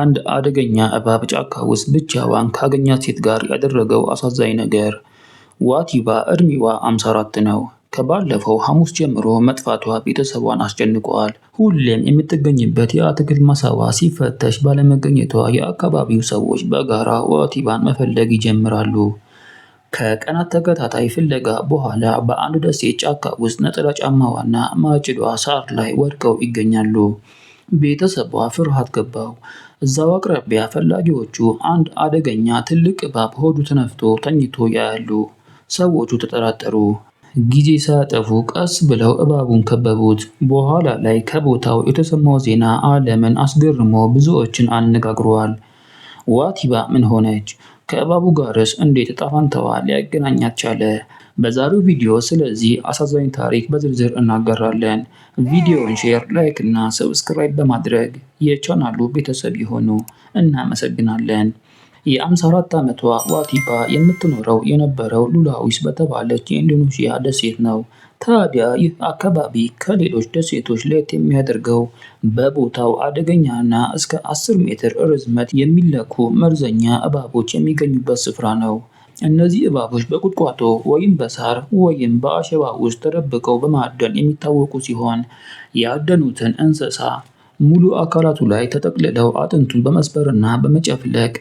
አንድ አደገኛ እባብ ጫካ ውስጥ ብቻዋን ካገኛት ሴት ጋር ያደረገው አሳዛኝ ነገር። ዋቲባ እድሜዋ 54 ነው። ከባለፈው ሐሙስ ጀምሮ መጥፋቷ ቤተሰቧን አስጨንቋል። ሁሌም የምትገኝበት የአትክልት ማሳዋ ሲፈተሽ ባለመገኘቷ የአካባቢው ሰዎች በጋራ ዋቲባን መፈለግ ይጀምራሉ። ከቀናት ተከታታይ ፍለጋ በኋላ በአንድ ደሴት ጫካ ውስጥ ነጠላ ጫማዋና ማጭዷ ሳር ላይ ወድቀው ይገኛሉ። ቤተሰቧ ፍርሃት ገባው። እዛው አቅራቢያ ፈላጊዎቹ አንድ አደገኛ ትልቅ እባብ ሆዱ ተነፍቶ ተኝቶ ያያሉ። ሰዎቹ ተጠራጠሩ። ጊዜ ሳያጠፉ ቀስ ብለው እባቡን ከበቡት። በኋላ ላይ ከቦታው የተሰማው ዜና ዓለምን አስገርሞ ብዙዎችን አነጋግሯል። ዋቲባ ምን ሆነች? ከእባቡ ጋርስ እንዴት እጣ ፈንታዋ ሊያገናኛት ቻለ? በዛሬው ቪዲዮ ስለዚህ አሳዛኝ ታሪክ በዝርዝር እናገራለን። ቪዲዮን ሼር፣ ላይክ እና ሰብስክራይብ በማድረግ የቻናሉ ቤተሰብ የሆኑ እናመሰግናለን። የ54 ዓመቷ ዋቲባ የምትኖረው የነበረው ሉላዊስ በተባለች የኢንዶኔዥያ ደሴት ነው። ታዲያ ይህ አካባቢ ከሌሎች ደሴቶች ለየት የሚያደርገው በቦታው አደገኛና እስከ 10 ሜትር ርዝመት የሚለኩ መርዘኛ እባቦች የሚገኙበት ስፍራ ነው። እነዚህ እባቦች በቁጥቋጦ ወይም በሳር ወይም በአሸባ ውስጥ ተደብቀው በማደን የሚታወቁ ሲሆን ያደኑትን እንስሳ ሙሉ አካላቱ ላይ ተጠቅልለው አጥንቱን በመስበርና በመጨፍለቅ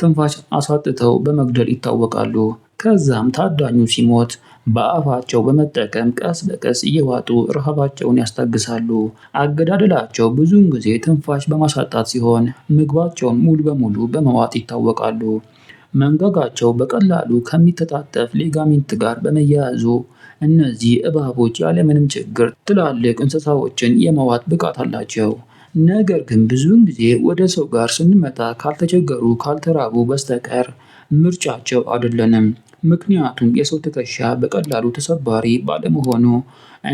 ትንፋሽ አሳጥተው በመግደል ይታወቃሉ። ከዛም ታዳኙ ሲሞት በአፋቸው በመጠቀም ቀስ በቀስ እየዋጡ ረሃባቸውን ያስታግሳሉ። አገዳደላቸው ብዙውን ጊዜ ትንፋሽ በማሳጣት ሲሆን ምግባቸውን ሙሉ በሙሉ በመዋጥ ይታወቃሉ። መንጋጋቸው በቀላሉ ከሚተጣጠፍ ሌጋሚንት ጋር በመያያዙ እነዚህ እባቦች ያለምንም ችግር ትላልቅ እንስሳዎችን የመዋጥ ብቃት አላቸው። ነገር ግን ብዙውን ጊዜ ወደ ሰው ጋር ስንመጣ ካልተቸገሩ ካልተራቡ በስተቀር ምርጫቸው አይደለንም። ምክንያቱም የሰው ትከሻ በቀላሉ ተሰባሪ ባለመሆኑ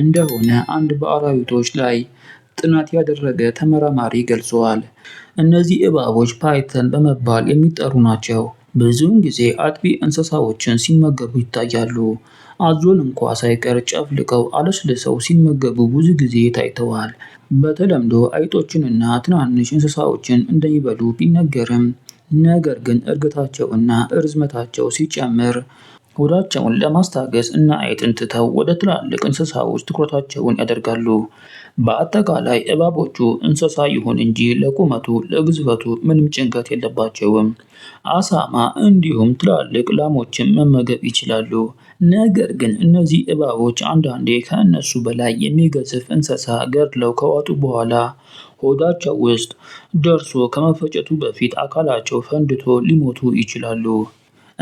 እንደሆነ አንድ በአራዊቶች ላይ ጥናት ያደረገ ተመራማሪ ገልጸዋል። እነዚህ እባቦች ፓይተን በመባል የሚጠሩ ናቸው። ብዙውን ጊዜ አጥቢ እንስሳዎችን ሲመገቡ ይታያሉ። አዞን እንኳ ሳይቀር ጨፍልቀው አለስልሰው ሲመገቡ ብዙ ጊዜ ታይተዋል። በተለምዶ አይጦችንና ትናንሽ እንስሳዎችን እንደሚበሉ ቢነገርም ነገር ግን እርግታቸውና ርዝመታቸው ሲጨምር ሆዳቸውን ለማስታገስ እና አይጥን ትተው ወደ ትላልቅ እንስሳዎች ትኩረታቸውን ያደርጋሉ። በአጠቃላይ እባቦቹ እንስሳ ይሁን እንጂ ለቁመቱ፣ ለግዝፈቱ ምንም ጭንቀት የለባቸውም። አሳማ እንዲሁም ትላልቅ ላሞችን መመገብ ይችላሉ። ነገር ግን እነዚህ እባቦች አንዳንዴ ከእነሱ በላይ የሚገዝፍ እንስሳ ገድለው ከዋጡ በኋላ ሆዳቸው ውስጥ ደርሶ ከመፈጨቱ በፊት አካላቸው ፈንድቶ ሊሞቱ ይችላሉ።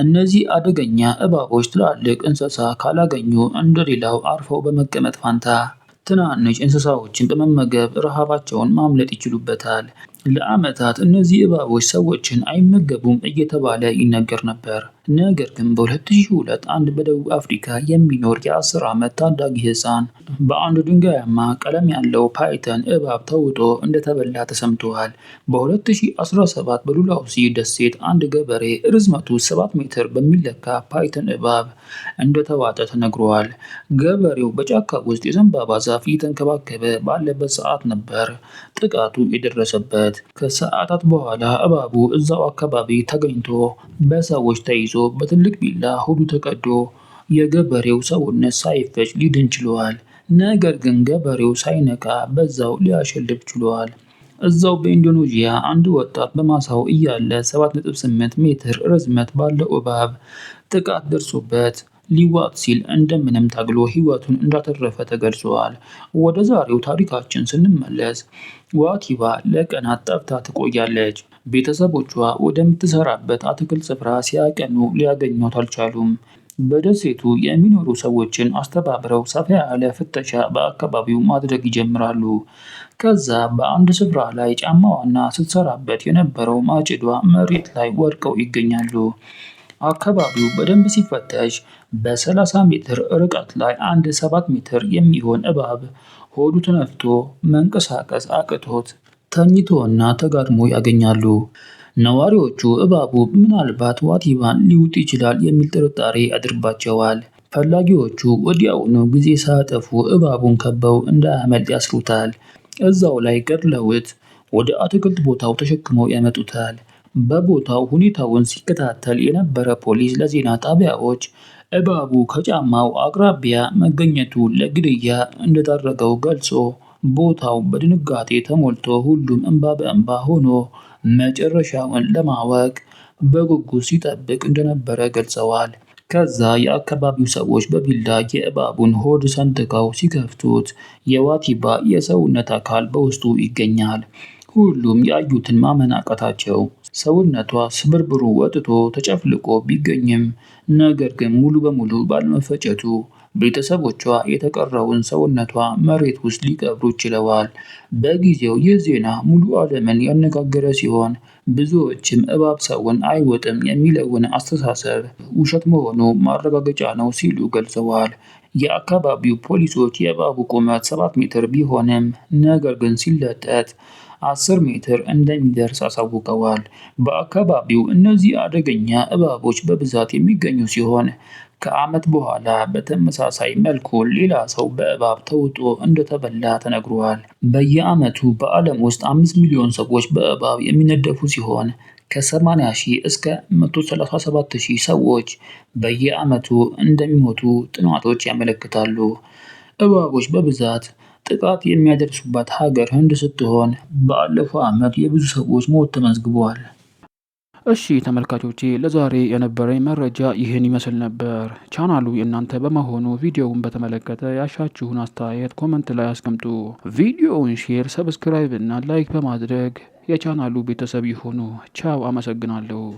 እነዚህ አደገኛ እባቦች ትላልቅ እንስሳ ካላገኙ እንደሌላው አርፈው በመቀመጥ ፋንታ ትናንሽ እንስሳዎችን በመመገብ ረሃባቸውን ማምለጥ ይችሉበታል። ለዓመታት እነዚህ እባቦች ሰዎችን አይመገቡም እየተባለ ይነገር ነበር። ነገር ግን በ2002 አንድ በደቡብ አፍሪካ የሚኖር የ10 ዓመት ታዳጊ ሕፃን በአንድ ድንጋያማ ቀለም ያለው ፓይተን እባብ ተውጦ እንደተበላ ተሰምተዋል። በ2017 በሉላውሲ ደሴት አንድ ገበሬ ርዝመቱ 7 ሜትር በሚለካ ፓይተን እባብ እንደተዋጠ ተነግሯል። ገበሬው በጫካ ውስጥ የዘንባባ ዛፍ እየተንከባከበ ባለበት ሰዓት ነበር ጥቃቱ የደረሰበት። ነበረበት። ከሰዓታት በኋላ እባቡ እዛው አካባቢ ተገኝቶ በሰዎች ተይዞ በትልቅ ቢላ ሆዱ ተቀዶ የገበሬው ሰውነት ሳይፈጭ ሊድን ችሏል። ነገር ግን ገበሬው ሳይነቃ በዛው ሊያሸልብ ችሏል። እዛው በኢንዶኔዥያ አንድ ወጣት በማሳው እያለ 7.8 ሜትር ርዝመት ባለው እባብ ጥቃት ደርሶበት ሊዋጥ ሲል እንደምንም ታግሎ ሕይወቱን እንዳተረፈ ተገልጿል። ወደ ዛሬው ታሪካችን ስንመለስ ዋቲባ ለቀናት ጠፍታ ትቆያለች። ቤተሰቦቿ ወደምትሰራበት አትክልት ስፍራ ሲያቀኑ ሊያገኟት አልቻሉም። በደሴቱ የሚኖሩ ሰዎችን አስተባብረው ሰፋ ያለ ፍተሻ በአካባቢው ማድረግ ይጀምራሉ። ከዛ በአንድ ስፍራ ላይ ጫማዋና ስትሰራበት የነበረው ማጭዷ መሬት ላይ ወድቀው ይገኛሉ። አካባቢው በደንብ ሲፈተሽ በ30 ሜትር ርቀት ላይ አንድ 7 ሜትር የሚሆን እባብ ሆዱ ተነፍቶ መንቀሳቀስ አቅቶት ተኝቶና ተጋድሞ ያገኛሉ። ነዋሪዎቹ እባቡ ምናልባት ዋቲባን ሊውጥ ይችላል የሚል ጥርጣሬ ያድርባቸዋል። ፈላጊዎቹ ወዲያውኑ ጊዜ ሳያጠፉ እባቡን ከበው እንዳያመልጥ ያስሩታል። እዛው ላይ ገድለውት ወደ አትክልት ቦታው ተሸክመው ያመጡታል። በቦታው ሁኔታውን ሲከታተል የነበረ ፖሊስ ለዜና ጣቢያዎች እባቡ ከጫማው አቅራቢያ መገኘቱን ለግድያ እንደዳረገው ገልጾ ቦታው በድንጋጤ ተሞልቶ ሁሉም እንባ በእንባ ሆኖ መጨረሻውን ለማወቅ በጉጉት ሲጠብቅ እንደነበረ ገልጸዋል። ከዛ የአካባቢው ሰዎች በቢላ የእባቡን ሆድ ሰንጥቀው ሲከፍቱት የዋቲባ የሰውነት አካል በውስጡ ይገኛል። ሁሉም ያዩትን ማመን አቃታቸው። ሰውነቷ ስብርብሩ ወጥቶ ተጨፍልቆ ቢገኝም ነገር ግን ሙሉ በሙሉ ባለመፈጨቱ ቤተሰቦቿ የተቀረውን ሰውነቷ መሬት ውስጥ ሊቀብሩ ችለዋል። በጊዜው ይህ ዜና ሙሉ ዓለምን ያነጋገረ ሲሆን ብዙዎችም እባብ ሰውን አይወጥም የሚለውን አስተሳሰብ ውሸት መሆኑ ማረጋገጫ ነው ሲሉ ገልጸዋል። የአካባቢው ፖሊሶች የእባቡ ቁመት ሰባት ሜትር ቢሆንም ነገር ግን ሲለጠጥ 10 ሜትር እንደሚደርስ አሳውቀዋል። በአካባቢው እነዚህ አደገኛ እባቦች በብዛት የሚገኙ ሲሆን ከዓመት በኋላ በተመሳሳይ መልኩ ሌላ ሰው በእባብ ተውጦ እንደተበላ ተነግሯል። በየዓመቱ በዓለም ውስጥ አምስት ሚሊዮን ሰዎች በእባብ የሚነደፉ ሲሆን ከ80 ሺህ እስከ 137 ሺህ ሰዎች በየዓመቱ እንደሚሞቱ ጥናቶች ያመለክታሉ። እባቦች በብዛት ጥቃት የሚያደርሱባት ሀገር ህንድ ስትሆን ባለፈው ዓመት የብዙ ሰዎች ሞት ተመዝግበዋል። እሺ ተመልካቾቼ ለዛሬ የነበረኝ መረጃ ይህን ይመስል ነበር። ቻናሉ የእናንተ በመሆኑ ቪዲዮውን በተመለከተ ያሻችሁን አስተያየት ኮመንት ላይ አስቀምጡ። ቪዲዮውን ሼር፣ ሰብስክራይብ እና ላይክ በማድረግ የቻናሉ ቤተሰብ ይሁኑ። ቻው፣ አመሰግናለሁ።